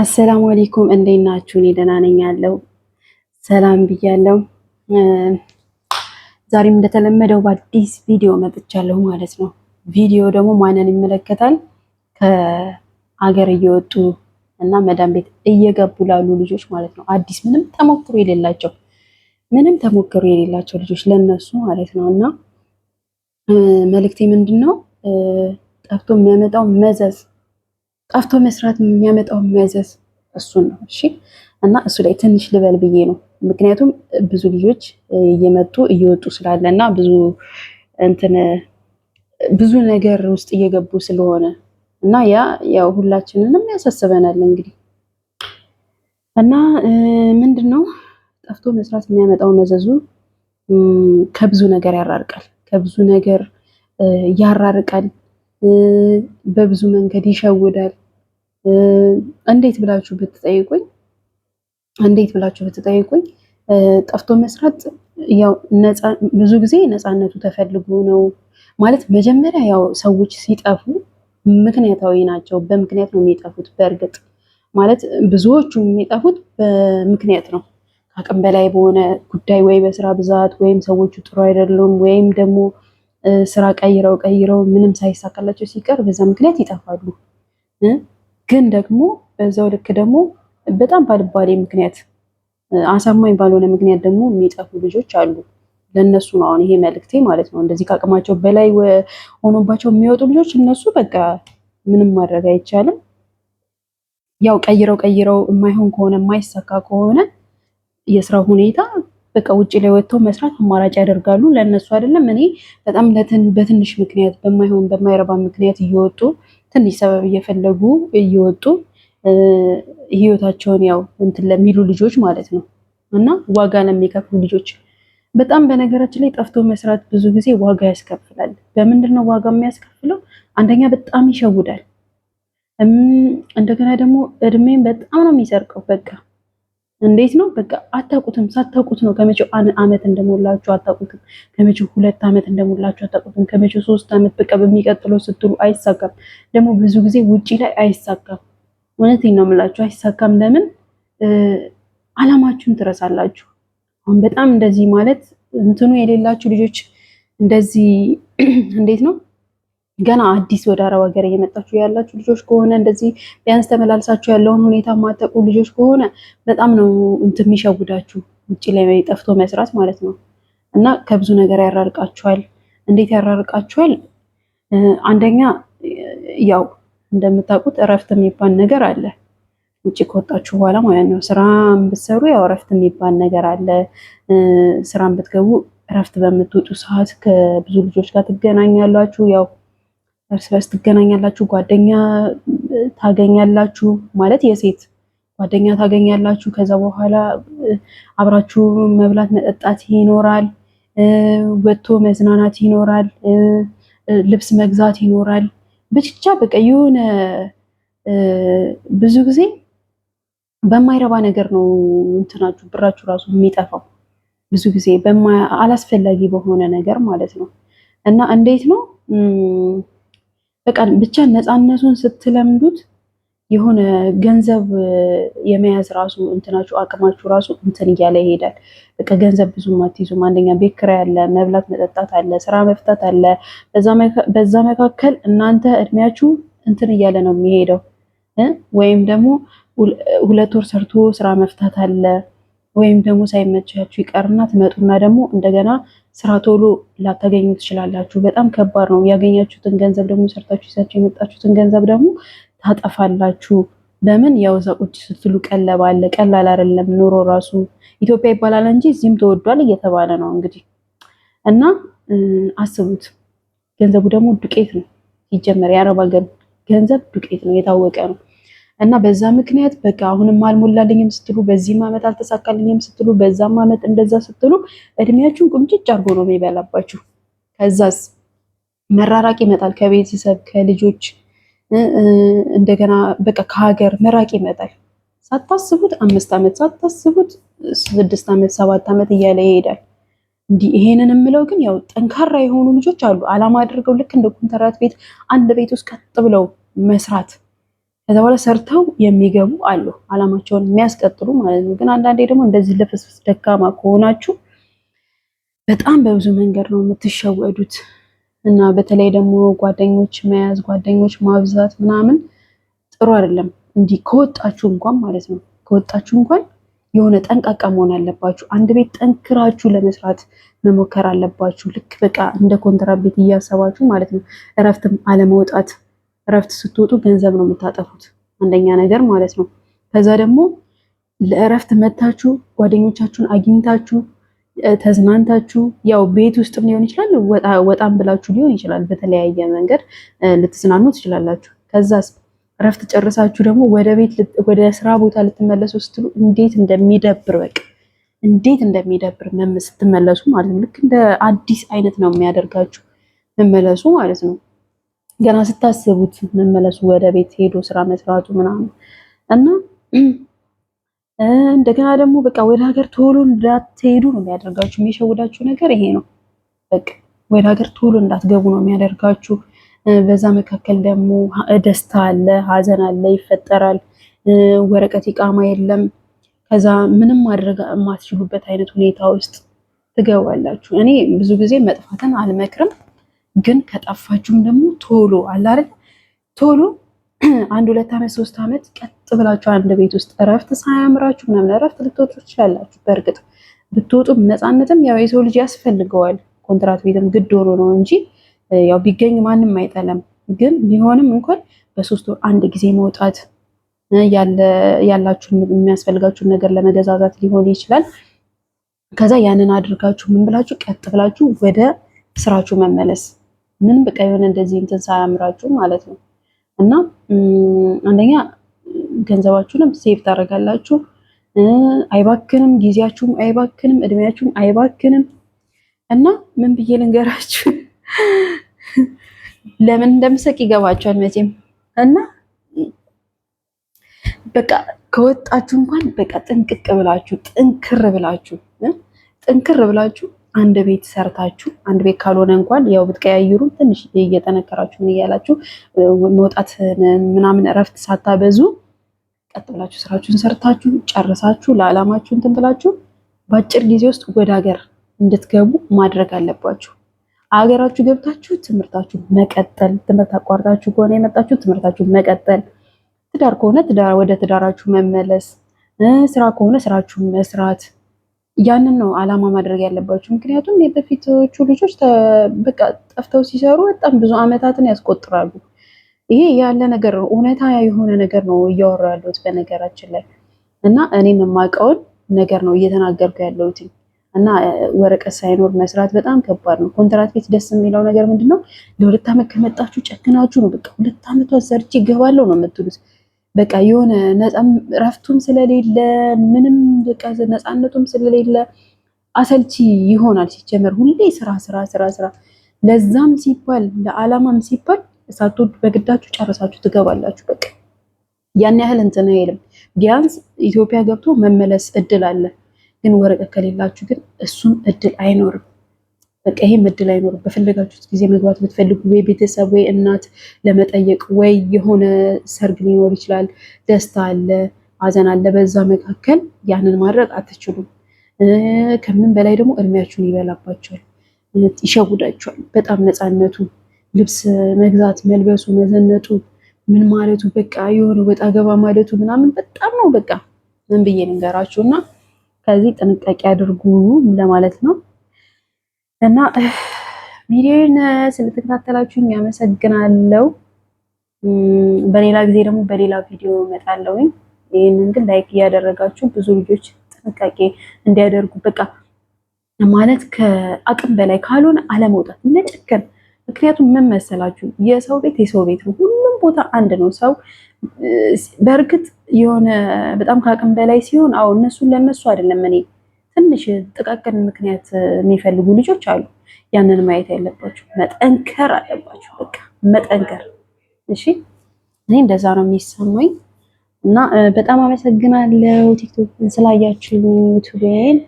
አሰላሙ አለይኩም እንዴት ናችሁ? እኔ ደህና ነኝ ያለው ሰላም ብያለው። ዛሬም እንደተለመደው በአዲስ ቪዲዮ መጥቻለሁ ማለት ነው። ቪዲዮ ደግሞ ማንን ይመለከታል? ከአገር እየወጡ እና መዳን ቤት እየገቡ ላሉ ልጆች ማለት ነው። አዲስ ምንም ተሞክሮ የሌላቸው ምንም ተሞክሮ የሌላቸው ልጆች ለነሱ ማለት ነው። እና መልእክቴ ምንድን ነው? ጠፍቶ የሚያመጣው መዘዝ ጣፍቶ መስራት የሚያመጣው መዘዝ እሱን ነው። እሺ እና እሱ ላይ ትንሽ ልበል ብዬ ነው። ምክንያቱም ብዙ ልጆች እየመጡ እየወጡ ስላለ እና ብዙ እንትን ብዙ ነገር ውስጥ እየገቡ ስለሆነ እና ያ ያው ሁላችንንም ያሳስበናል እንግዲህ እና ምንድን ነው ጠፍቶ መስራት የሚያመጣው መዘዙ ከብዙ ነገር ያራርቃል፣ ከብዙ ነገር ያራርቃል፣ በብዙ መንገድ ይሸውዳል። እንዴት ብላችሁ ብትጠይቁኝ እንዴት ብላችሁ ብትጠይቁኝ ጠፍቶ መስራት ያው ብዙ ጊዜ ነፃነቱ ተፈልጎ ነው ማለት መጀመሪያ ያው ሰዎች ሲጠፉ ምክንያታዊ ናቸው። በምክንያት ነው የሚጠፉት። በእርግጥ ማለት ብዙዎቹ የሚጠፉት በምክንያት ነው። ከአቅም በላይ በሆነ ጉዳይ ወይ በስራ ብዛት ወይም ሰዎቹ ጥሩ አይደሉም ወይም ደግሞ ስራ ቀይረው ቀይረው ምንም ሳይሳካላቸው ሲቀር በዛ ምክንያት ይጠፋሉ። ግን ደግሞ በዛው ልክ ደግሞ በጣም ባልባሌ ምክንያት አሳማኝ ባልሆነ ምክንያት ደግሞ የሚጠፉ ልጆች አሉ። ለእነሱ ነው አሁን ይሄ መልክቴ ማለት ነው። እንደዚህ ከአቅማቸው በላይ ሆኖባቸው የሚወጡ ልጆች እነሱ በቃ ምንም ማድረግ አይቻልም። ያው ቀይረው ቀይረው የማይሆን ከሆነ የማይሳካ ከሆነ የስራ ሁኔታ በቃ ውጭ ላይ ወጥተው መስራት አማራጭ ያደርጋሉ። ለእነሱ አይደለም እኔ በጣም በትንሽ ምክንያት በማይሆን በማይረባ ምክንያት እየወጡ ትንሽ ሰበብ እየፈለጉ እየወጡ ህይወታቸውን ያው እንትን ለሚሉ ልጆች ማለት ነው እና ዋጋ ለሚከፍሉ ልጆች በጣም በነገራችን ላይ ጠፍቶ መስራት ብዙ ጊዜ ዋጋ ያስከፍላል። በምንድን ነው ዋጋ የሚያስከፍለው? አንደኛ በጣም ይሸውዳል። እንደገና ደግሞ እድሜን በጣም ነው የሚሰርቀው በቃ እንዴት ነው በቃ አታውቁትም። ሳታውቁት ነው ከመቼው አመት እንደሞላችሁ አታውቁትም። ከመቼው ሁለት አመት እንደሞላችሁ አታውቁትም። ከመቼው ሶስት አመት በቃ በሚቀጥለው ስትሉ አይሳካም። ደግሞ ብዙ ጊዜ ውጪ ላይ አይሳካም። እውነቴን ነው የምላችሁ አይሳካም። ለምን አላማችሁን ትረሳላችሁ። አሁን በጣም እንደዚህ ማለት እንትኑ የሌላችሁ ልጆች እንደዚህ እንዴት ነው ገና አዲስ ወደ አረብ ሀገር እየመጣችሁ ያላችሁ ልጆች ከሆነ እንደዚህ ቢያንስ ተመላልሳችሁ ያለውን ሁኔታ ማጠቁ ልጆች ከሆነ በጣም ነው እንትን የሚሸውዳችሁ ውጭ ላይ ጠፍቶ መስራት ማለት ነው። እና ከብዙ ነገር ያራርቃችኋል። እንዴት ያራርቃችኋል? አንደኛ ያው እንደምታውቁት እረፍት የሚባል ነገር አለ። ውጭ ከወጣችሁ በኋላ ማለት ነው። ስራም ብትሰሩ ያው እረፍት የሚባል ነገር አለ። ስራም ብትገቡ እረፍት በምትወጡ ሰዓት ከብዙ ልጆች ጋር ትገናኛላችሁ ያው እርስ በርስ ትገናኛላችሁ፣ ጓደኛ ታገኛላችሁ። ማለት የሴት ጓደኛ ታገኛላችሁ። ከዛ በኋላ አብራችሁ መብላት መጠጣት ይኖራል፣ ወጥቶ መዝናናት ይኖራል፣ ልብስ መግዛት ይኖራል። ብቻ በቃ የሆነ ብዙ ጊዜ በማይረባ ነገር ነው እንትናችሁ ብራችሁ ራሱ የሚጠፋው ብዙ ጊዜ አላስፈላጊ በሆነ ነገር ማለት ነው እና እንዴት ነው በቃ ብቻ ነፃነቱን ስትለምዱት የሆነ ገንዘብ የመያዝ ራሱ እንትናችሁ አቅማችሁ ራሱ እንትን እያለ ይሄዳል። በቃ ገንዘብ ብዙም አትይዙም። አንደኛ ቤት ኪራይ አለ፣ መብላት መጠጣት አለ፣ ስራ መፍታት አለ። በዛ መካከል እናንተ እድሜያችሁ እንትን እያለ ነው የሚሄደው። ወይም ደግሞ ሁለት ወር ሰርቶ ስራ መፍታት አለ። ወይም ደግሞ ሳይመቻችሁ ይቀርና ትመጡና ደግሞ እንደገና ስራ ቶሎ ላታገኙ ትችላላችሁ። በጣም ከባድ ነው። ያገኛችሁትን ገንዘብ ደግሞ ሰርታችሁ ይዛችሁ የመጣችሁትን ገንዘብ ደግሞ ታጠፋላችሁ። በምን ያው እዛ ቁጭ ስትሉ ቀለብ አለ። ቀላል አይደለም ኑሮ ራሱ ኢትዮጵያ ይባላል እንጂ እዚህም ተወዷል እየተባለ ነው እንግዲህ እና አስቡት። ገንዘቡ ደግሞ ዱቄት ነው ይጀመር። የአረብ ሀገር ገንዘብ ዱቄት ነው፣ የታወቀ ነው። እና በዛ ምክንያት በቃ አሁንም አልሞላልኝም ስትሉ፣ በዚህም ዓመት አልተሳካልኝም ስትሉ፣ በዛም ዓመት እንደዛ ስትሉ እድሜያችሁን ቁምጭጭ አድርጎ ነው የሚበላባችሁ። ከዛስ መራራቅ ይመጣል። ከቤተሰብ ከልጆች፣ እንደገና በቃ ከሀገር መራቅ ይመጣል። ሳታስቡት አምስት ዓመት ሳታስቡት ስድስት ዓመት ሰባት ዓመት እያለ ይሄዳል። እንዲህ ይሄንን የምለው ግን ያው ጠንካራ የሆኑ ልጆች አሉ፣ አላማ አድርገው ልክ እንደ ኮንትራት ቤት አንድ ቤት ውስጥ ቀጥ ብለው መስራት ከዛ በኋላ ሰርተው የሚገቡ አሉ፣ አላማቸውን የሚያስቀጥሉ ማለት ነው። ግን አንዳንዴ ደግሞ እንደዚህ ለፍስፍስ ደካማ ከሆናችሁ በጣም በብዙ መንገድ ነው የምትሸወዱት። እና በተለይ ደግሞ ጓደኞች መያዝ ጓደኞች ማብዛት ምናምን ጥሩ አይደለም። እንዲህ ከወጣችሁ እንኳን ማለት ነው ከወጣችሁ እንኳን የሆነ ጠንቃቃ መሆን አለባችሁ። አንድ ቤት ጠንክራችሁ ለመስራት መሞከር አለባችሁ። ልክ በቃ እንደ ኮንትራት ቤት እያሰባችሁ ማለት ነው። እረፍትም አለመውጣት እረፍት ስትወጡ ገንዘብ ነው የምታጠፉት፣ አንደኛ ነገር ማለት ነው። ከዛ ደግሞ ለእረፍት መታችሁ ጓደኞቻችሁን አግኝታችሁ ተዝናንታችሁ ያው ቤት ውስጥም ሊሆን ይችላል፣ ወጣም ብላችሁ ሊሆን ይችላል። በተለያየ መንገድ ልትዝናኑ ትችላላችሁ። ከዛ እረፍት ጨርሳችሁ ደግሞ ወደ ቤት ወደ ስራ ቦታ ልትመለሱ ስትሉ እንዴት እንደሚደብር በቅ እንዴት እንደሚደብር ስትመለሱ ማለት ነው። ልክ እንደ አዲስ አይነት ነው የሚያደርጋችሁ መመለሱ ማለት ነው። ገና ስታስቡት መመለሱ ወደ ቤት ሄዶ ስራ መስራቱ ምናምን እና እንደገና ደግሞ በቃ ወደ ሀገር ቶሎ እንዳትሄዱ ነው የሚያደርጋችሁ። የሚሸውዳችሁ ነገር ይሄ ነው። በቃ ወደ ሀገር ቶሎ እንዳትገቡ ነው የሚያደርጋችሁ። በዛ መካከል ደግሞ ደስታ አለ፣ ሀዘን አለ፣ ይፈጠራል። ወረቀት ይቃማ የለም። ከዛ ምንም ማድረግ የማትችሉበት አይነት ሁኔታ ውስጥ ትገባላችሁ። እኔ ብዙ ጊዜ መጥፋትን አልመክርም። ግን ከጠፋችሁም ደግሞ ቶሎ አላረ ቶሎ አንድ ሁለት ዓመት ሶስት ዓመት ቀጥ ብላችሁ አንድ ቤት ውስጥ እረፍት ሳያምራችሁ ምናምን እረፍት ልትወጡ ትችላላችሁ። በእርግጥ ብትወጡ ነፃነትም ያው የሰው ልጅ ያስፈልገዋል። ኮንትራት ቤትም ግድ ሆኖ ነው እንጂ ያው ቢገኝ ማንም አይጠለም። ግን ቢሆንም እንኳን በሶስት ወር አንድ ጊዜ መውጣት ያላችሁን የሚያስፈልጋችሁን ነገር ለመገዛዛት ሊሆን ይችላል። ከዛ ያንን አድርጋችሁ ምን ብላችሁ ቀጥ ብላችሁ ወደ ስራችሁ መመለስ ምንም በቃ የሆነ እንደዚህ እንትን ሳያምራችሁ ማለት ነው። እና አንደኛ ገንዘባችሁንም ሴቭ ታደርጋላችሁ፣ አይባክንም፣ ጊዜያችሁም አይባክንም፣ እድሜያችሁም አይባክንም። እና ምን ብዬ ልንገራችሁ ለምን እንደምሰቅ ይገባችኋል መቼም እና በቃ ከወጣችሁ እንኳን በቃ ጥንቅቅ ብላችሁ ጥንክር ብላችሁ ጥንክር ብላችሁ አንድ ቤት ሰርታችሁ አንድ ቤት ካልሆነ እንኳን ያው ብትቀያይሩ ትንሽ እየጠነከራችሁ ምን እያላችሁ መውጣት ምናምን እረፍት ሳታበዙ ቀጥ ብላችሁ ስራችሁን ሰርታችሁ ጨርሳችሁ ለዓላማችሁ እንትን ብላችሁ በአጭር ጊዜ ውስጥ ወደ ሀገር እንድትገቡ ማድረግ አለባችሁ። አገራችሁ ገብታችሁ ትምህርታችሁ መቀጠል፣ ትምህርት አቋርጣችሁ ከሆነ የመጣችሁ ትምህርታችሁ መቀጠል፣ ትዳር ከሆነ ወደ ትዳራችሁ መመለስ፣ ስራ ከሆነ ስራችሁ መስራት ያንን ነው አላማ ማድረግ ያለባቸው። ምክንያቱም የበፊቶቹ ልጆች በቃ ጠፍተው ሲሰሩ በጣም ብዙ አመታትን ያስቆጥራሉ። ይሄ ያለ ነገር ነው፣ እውነታ የሆነ ነገር ነው እያወራ ያለሁት በነገራችን ላይ እና እኔም የማውቀውን ነገር ነው እየተናገርኩ ያለሁት። እና ወረቀት ሳይኖር መስራት በጣም ከባድ ነው። ኮንትራት ቤት ደስ የሚለው ነገር ምንድን ነው? ለሁለት ዓመት ከመጣችሁ ጨክናችሁ ነው በቃ ሁለት ዓመቷ ሰርቼ ይገባለው ነው የምትሉት። በቃ የሆነ እረፍቱም ስለሌለ ምንም በቃ ነፃነቱም ስለሌለ አሰልቺ ይሆናል። ሲጀመር ሁሌ ስራ ስራ ስራ ስራ። ለዛም ሲባል ለአላማም ሲባል ሳትወዱ በግዳችሁ ጨርሳችሁ ትገባላችሁ። በቃ ያን ያህል እንትን አይልም። ቢያንስ ኢትዮጵያ ገብቶ መመለስ እድል አለ። ግን ወረቀት ከሌላችሁ ግን እሱም እድል አይኖርም። በቃ ይሄም እድል አይኖርም። በፈለጋችሁት ጊዜ መግባት ብትፈልጉ ወይ ቤተሰብ ወይ እናት ለመጠየቅ ወይ የሆነ ሰርግ ሊኖር ይችላል፣ ደስታ አለ፣ ሀዘን አለ። በዛ መካከል ያንን ማድረግ አትችሉም። ከምንም በላይ ደግሞ እድሜያችሁን ይበላባቸዋል፣ ይሸውዳቸዋል። በጣም ነፃነቱ፣ ልብስ መግዛት፣ መልበሱ፣ መዘነጡ፣ ምን ማለቱ በቃ የሆነ ወጣ ገባ ማለቱ ምናምን በጣም ነው በቃ ምን ብዬ ልንገራችሁ እና ከዚህ ጥንቃቄ አድርጉ ለማለት ነው። እና ቪዲዮን ስለተከታተላችሁ ያመሰግናለሁ። በሌላ ጊዜ ደግሞ በሌላ ቪዲዮ መጣለሁ ይህንን ግን ላይክ እያደረጋችሁ ብዙ ልጆች ጥንቃቄ እንዲያደርጉ በቃ ማለት ከአቅም በላይ ካልሆነ አለመውጣት መጨከን። ምክንያቱም ምን መሰላችሁ የሰው ቤት የሰው ቤት ነው፣ ሁሉም ቦታ አንድ ነው። ሰው በእርግጥ የሆነ በጣም ከአቅም በላይ ሲሆን አዎ እነሱን ለእነሱ አይደለም እኔ ትንሽ ጥቃቅን ምክንያት የሚፈልጉ ልጆች አሉ። ያንን ማየት ያለባቸው መጠንከር አለባቸው። በቃ መጠንከር። እሺ እኔ እንደዛ ነው የሚሰማኝ እና በጣም አመሰግናለሁ ቲክቶክ ስላያችሁ ዩቱቤን